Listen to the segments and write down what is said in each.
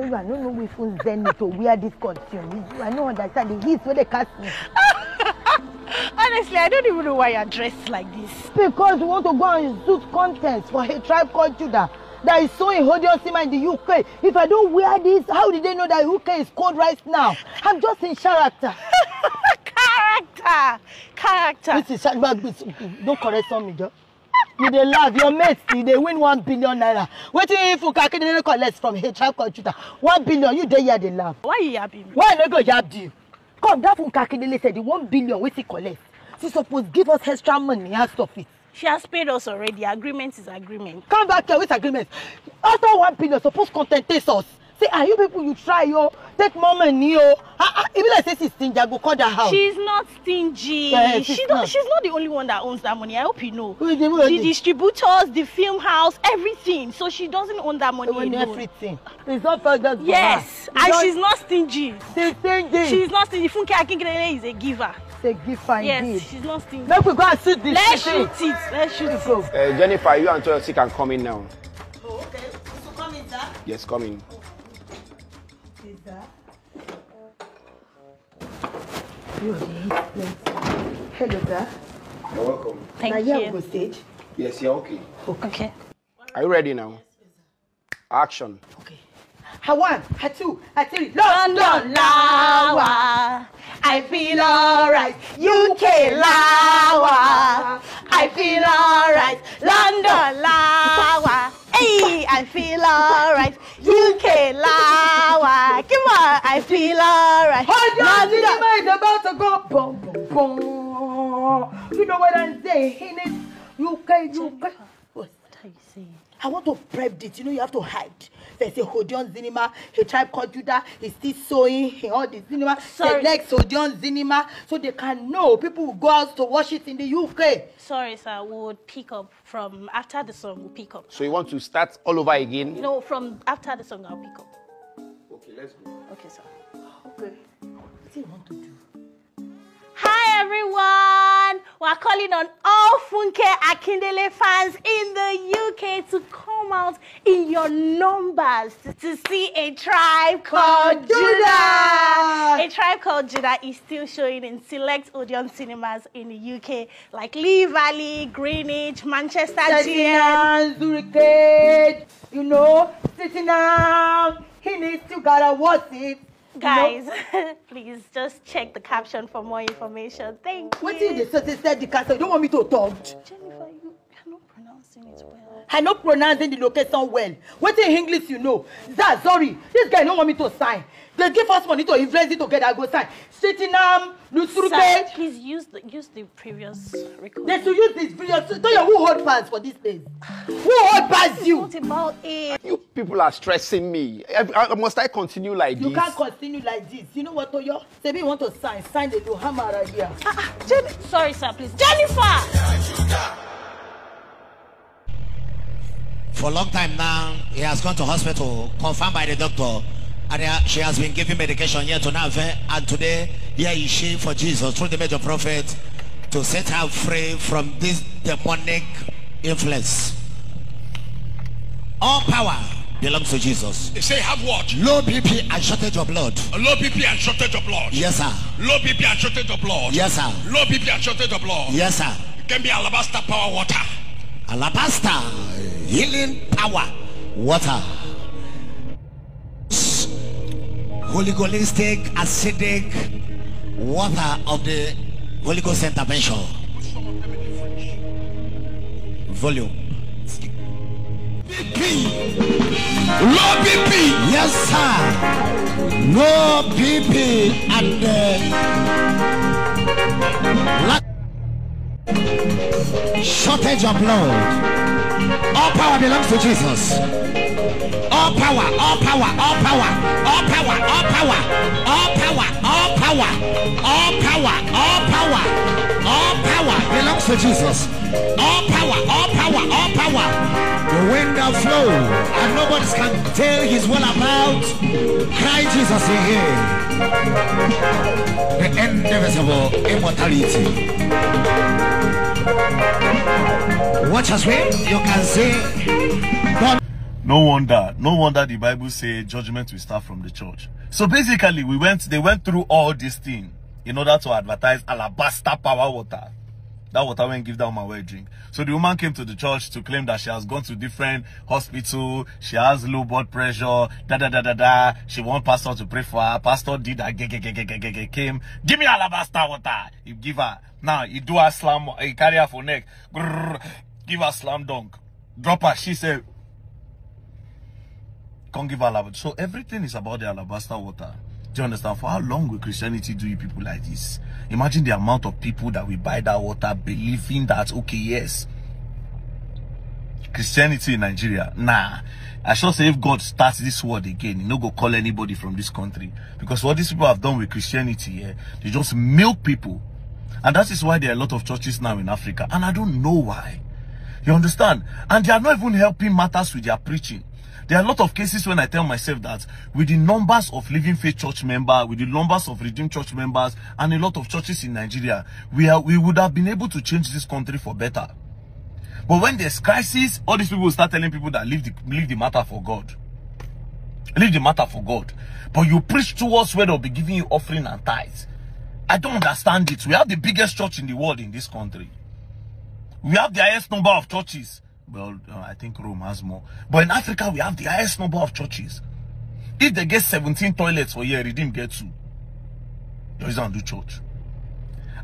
to you. I don't know which phone send to where this consume. I don't understand the heat where they cast me. Honestly, I don't even know why you're dressed like this. Because you want to go and suit contents for a tribe called Judah that is so inhodious in the UK. If I don't wear this, how did they know that UK is cold right now? I'm just in character. character! Character! This is, don't correct me, Joe you dey laugh your mate e dey win one billion naira wetin funke akindele collect from her tribe called one billion you dey here dey laugh. why you yab me. why i no go yab you. come dat funke akindele say the one billion wey she collect she suppose give us extra money and stuff it. she has paid us already agreement is agreement. come back here with agreement after one billion suppose contentate us say are ah, you people you try yo. take moment and ah, o ah, e be like say she's stingy i go call that house. she's not stingy yeah, eh, she's, she not. she's not the only one that owns that money i hope you know Who is the, the distributors the film house everything so she doesn't own that money alone everything it's not for just yes and she's not stingy she's stingy she's not stingy funke akindele is a giver a giver yes, indeed. Yes, she's not stingy. Let's go and shoot this. Let's shoot it. Let's shoot it. Uh, Jennifer, you and Toyosi can come in now. Oh, okay. So come in, sir. Yes, come in. Oh. Yes. Hello, sir. You're welcome. Thank now, you. Go stage. Yes, you're okay. okay. Okay. Are you ready now? Action. Okay. I one, I two, I three. London Lawa. I feel alright. UK Lawa. feel alright. Hold on, the mind about to go boom, boom, boom. You know what I'm saying? It. You can, you can. What are you saying? I want to prep this. You know, you have to hide. They say Hodion Zinima, he tribe called Judah, he's still sewing. he all the Zinima. Sorry. The next Hodion Zinima, so they can know. People will go out to watch it in the UK. Sorry, sir. We would pick up from after the song, we'll pick up. So you want to start all over again? no, from after the song, I'll pick up. let's go. Okay, sir. Okay. What do you want to do? Hi, everyone! We're calling on all Funke Akindele fans in the UK to come out in your numbers to see a tribe called Judah. Judah. A tribe called Judah is still showing in select Odeon cinemas in the UK, like Lee Valley, Greenwich, Manchester, Zurich, you know, sitting out. minutes, you gotta watch it. Guys, no. please just check the caption for more information. Thank you. What is this? So they said the castle. You don't want me to talk. Jennifer pronouncing it oh, I no pronouncing the location well. What in English you know? That sorry, this guy don't want me to sign. They give us money to invest it together. I go sign. Sitinam, Lusurube. please use the, use the previous record. They should use this previous. Tell you who hold pass for this things. Who hold pass you? What about it? You people are stressing me. I, I, must I continue like you this? You can't continue like this. You know what, Toyo? They be want to sign. Sign the Luhamara here. Ah, ah, Jenny. Sorry, sir, please. Jennifer! For a long time now, he has gone to hospital, confirmed by the doctor, and she has been given medication here to now and today, here is she for Jesus, through the major prophet, to set her free from this demonic influence. All power belongs to Jesus. They say have what? Low BP and shortage of blood. Low BP and shortage of blood. Yes, sir. Low BP and shortage of blood. Yes, sir. Low BP and shortage of blood. Yes, sir. It can be alabaster power water. Alabaster. healing power water holy holistic acidic water of the holy ghost intervention volume bp low bp yes sir no bp and uh, shortage of blood All power belongs to Jesus. All power, all power, all power, all power, all power, all power, all power, all power, all power, all power belongs to Jesus. All power, all power, all power. The wind of flow and nobody can tell his will about. Cry Jesus in here. The indivisible immortality. as well, you can say. No wonder, no wonder the Bible says judgment will start from the church. So basically, we went, they went through all this thing in order to advertise alabaster power water. That water I went give that woman a drink. So the woman came to the church to claim that she has gone to different hospital, she has low blood pressure, da da da da da. She want pastor to pray for her. Pastor did that. came, give me alabaster water. He give her. Now he do a slam. He carry her for neck. Grrr. Give her slam dunk. Drop her. She said, can't give her alabaster. So everything is about the alabaster water. Do you understand? For how long will Christianity do you people like this? Imagine the amount of people that will buy that water believing that, okay, yes, Christianity in Nigeria. Nah. I shall say if God starts this word again, he no go call anybody from this country. Because what these people have done with Christianity, eh, they just milk people. And that is why there are a lot of churches now in Africa. And I don't know why. You understand? And they are not even helping matters with their preaching. There are a lot of cases when I tell myself that with the numbers of Living Faith Church members, with the numbers of Redeemed Church members, and a lot of churches in Nigeria, we, are, we would have been able to change this country for better. But when there's crisis, all these people start telling people that leave the, leave the matter for God. Leave the matter for God. But you preach to us where they'll be giving you offering and tithes. I don't understand it. We have the biggest church in the world in this country. We have the highest number of churches. Well, uh, I think Rome has more. But in Africa, we have the highest number of churches. If they get 17 toilets for year, not get two. They don't do church.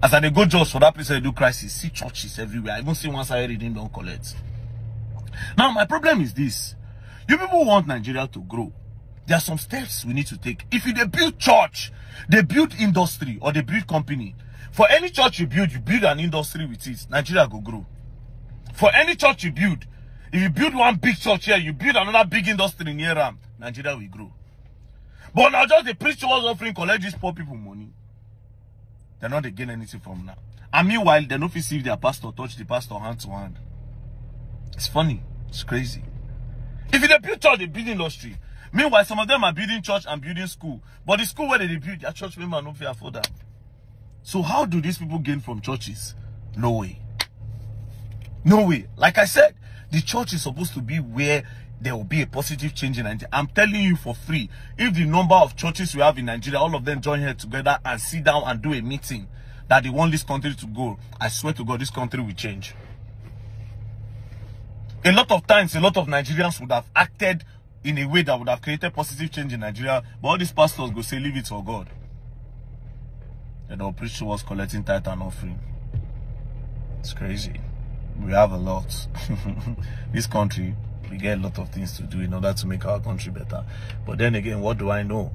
As I go just for that place, they do crisis. See churches everywhere. I even see one side they did not collect. Now, my problem is this. You people want Nigeria to grow. There are some steps we need to take. If they build church, they build industry, or they build company, for any church you build, you build an industry with it. Nigeria go grow. For any church you build, if you build one big church here, you build another big industry in Ram, um, Nigeria will grow. But now just the preacher was offering collect these poor people money. They're not getting gain anything from now. And meanwhile, they don't see their pastor touch the pastor hand to hand. It's funny. It's crazy. If you build church, they build industry. Meanwhile, some of them are building church and building school. But the school where they build, their church member don't afford that. So how do these people gain from churches? No way. No way. Like I said, the church is supposed to be where there will be a positive change in Nigeria. I'm telling you for free. If the number of churches we have in Nigeria, all of them join here together and sit down and do a meeting that they want this country to go, I swear to God, this country will change. A lot of times, a lot of Nigerians would have acted in a way that would have created positive change in Nigeria, but all these pastors go say, leave it for God. They don't was collecting Titan offering. It's crazy. We have a lot. this country, we get a lot of things to do in order to make our country better. But then again, what do I know?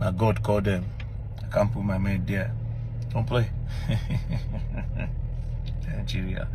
Now God called them. I can't put my mind there. Don't play. Nigeria.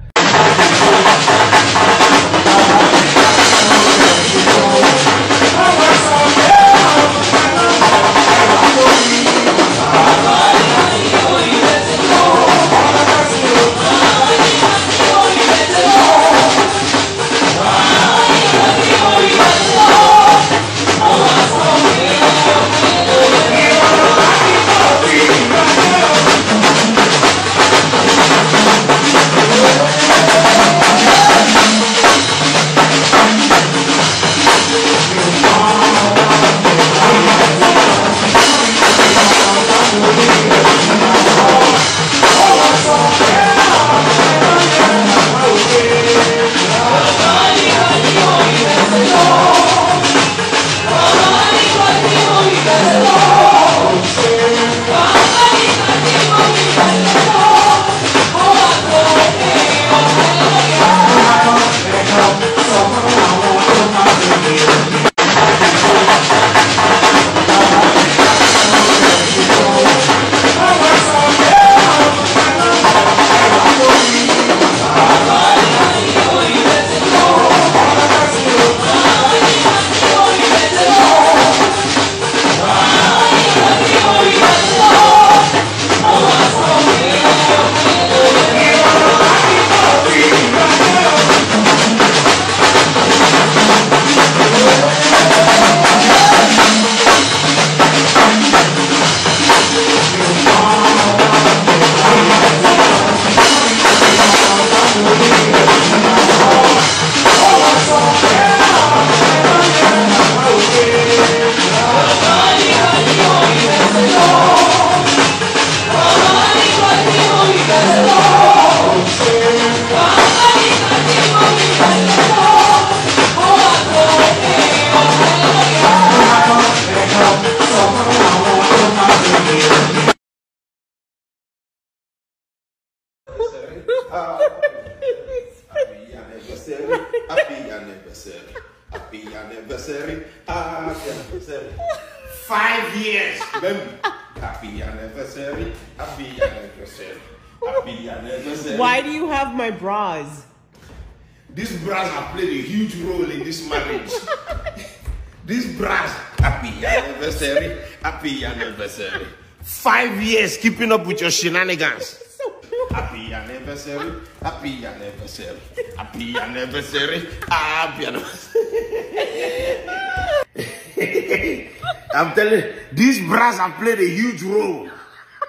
happy anniversary. Happy anniversary. Happy anniversary. Happy anniversary. Five years, baby. Happy anniversary. Happy anniversary. Happy anniversary. Why do you have my bras? These bras have played a huge role in this marriage. These bras, happy anniversary, happy anniversary. Five years keeping up with your shenanigans. happy anniversary anniversary. Happy anniversary. Happy anniversary. Happy anniversary. I'm telling you, these brass have played a huge role.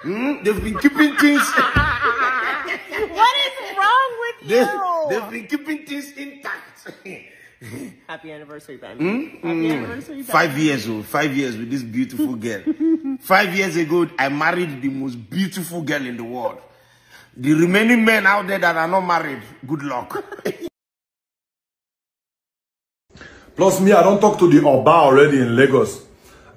Mm? They've been keeping things. what is wrong with they, you? They've been keeping things intact. Happy anniversary, Ben. Mm? Happy mm. anniversary, ben. Five years old. Five years with this beautiful girl. Five years ago, I married the most beautiful girl in the world. The remaining men out there that are not married, good luck. Plus me, I don't talk to the Oba already in Lagos.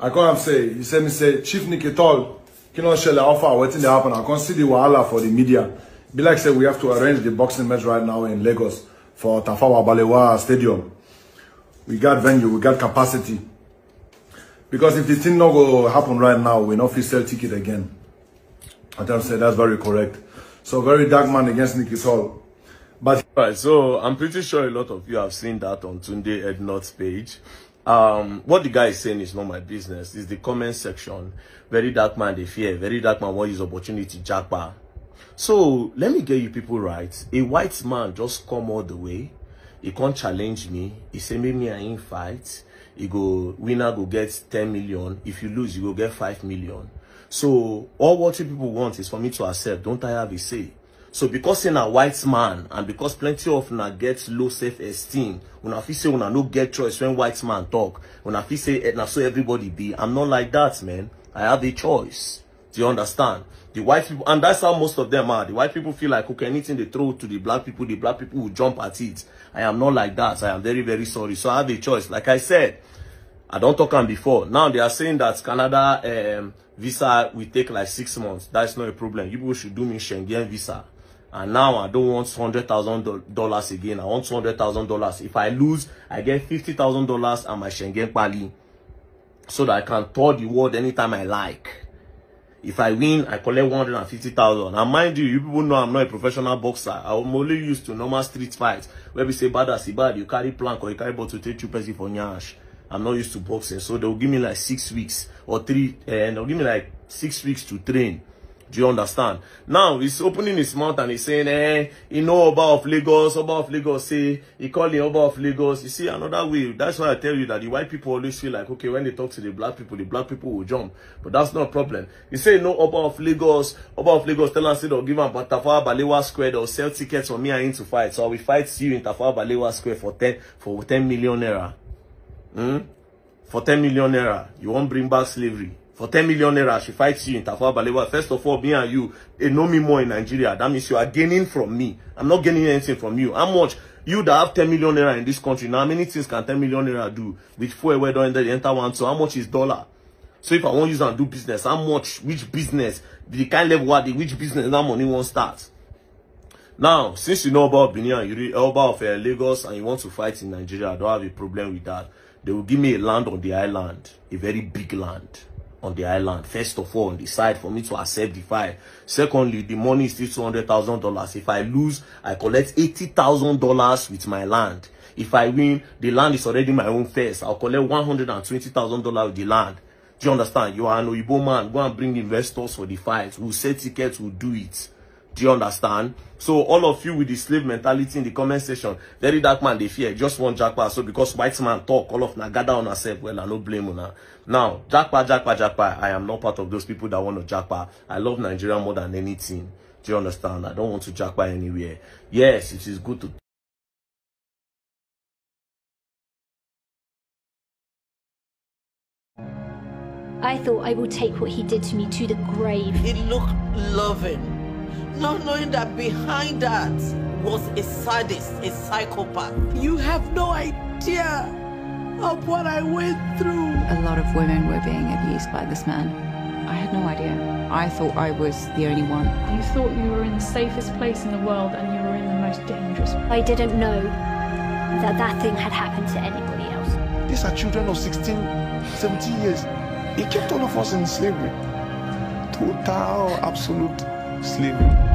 I can't say, you say me say, Chief Nikitol, cannot share the offer, waiting to happen. I can't see the wahala for the media. Be like say, we have to arrange the boxing match right now in Lagos for Tafawa Balewa Stadium. We got venue, we got capacity. Because if the thing not go happen right now, we not fit sell ticket again. I tell say that's very correct. So very dark man against Nicky Hall. But right, so I'm pretty sure a lot of you have seen that on Tunde Ednot's page. Um, what the guy is saying is not my business. It's the comment section. Very dark man, they fear. Very dark man, what is opportunity? Jackpa. So let me get you people right. A white man just come all the way. He can't challenge me. He say make me an fight. He go winner go get 10 million. If you lose, you go get 5 million. So all wealthy people want is for me to accept. Don't I have a say? So because in a white man and because plenty of na get low self-esteem, when I say when I no get choice when white man talk, when I feel say eh, na so everybody be, I'm not like that, man. I have a choice. Do you understand? The white people, and that's how most of them are. The white people feel like, okay, anything they throw to the black people, the black people will jump at it. I am not like that. I am very, very sorry. So I have a choice. Like I said, I don't talk on before. Now they are saying that Canada um, visa will take like six months. That's not a problem. You people should do me Schengen visa. And now I don't want $100,000 again. I want $200,000. If I lose, I get $50,000 and my Schengen pali. So that I can tour the world anytime I like. If I win, I collect 150000 And mind you, you people know I'm not a professional boxer. I'm only used to normal street fights. Where we say, bad as bad, you carry plank or you carry bottle, take two person for nyash. I'm not used to boxing. So they'll give me like six weeks or three, and eh, they'll give me like six weeks to train. Do you understand? Now he's opening his mouth and he's saying, eh, you know about of Lagos, about of Lagos, say he called him about of Lagos. You see, another way. That's why I tell you that the white people always feel like, okay, when they talk to the black people, the black people will jump. But that's not a problem. He say no about of Lagos, about of Lagos, tell us say they'll give him Tafawa Balewa Square, they'll sell tickets for me and him to fight. So I will fight you in Tafawa Balewa Square for ten for ten million naira. Hmm. For 10 million naira, you won't bring back slavery. For 10 million naira, she fights you in Tafawa Balewa. First of all, me and you, they know me more in Nigeria. That means you are gaining from me. I'm not gaining anything from you. How much? You that have 10 million naira in this country, now how many things can 10 million naira do? With four away don't enter one, so how much is dollar? So if I want to use and do business, how much, which business, the kind level, what, which business that money won't start? Now, since you know about Benin and you know about of uh, Lagos and you want to fight in Nigeria, I don't have a problem with that. They will give me a land on the island, a very big land on the island. First of all, on the side for me to accept the file. Secondly, the money is still $200,000. If I lose, I collect $80,000 with my land. If I win, the land is already my own first. I'll collect $120,000 with the land. Do you understand? You are an Oibo man. Go and bring investors for the files. We'll sell tickets. We'll do it. Do you understand? So all of you with the slave mentality in the comment section, very dark man, they fear, just one jackpot. So because white man talk, all of nagada gather on herself, well, I no blame on her. Now, jackpot, jackpot, jackpot, I am not part of those people that want to jackpot. I love Nigeria more than anything. Do you understand? I don't want to jackpot anywhere. Yes, it is good to I thought I will take what he did to me to the grave. It looked loving not knowing that behind that was a sadist, a psychopath. You have no idea of what I went through. A lot of women were being abused by this man. I had no idea. I thought I was the only one. You thought you were in the safest place in the world and you were in the most dangerous. I didn't know that that thing had happened to anybody else. These are children of 16, 17 years. He kept all of us in slavery. Total, absolute Sleep.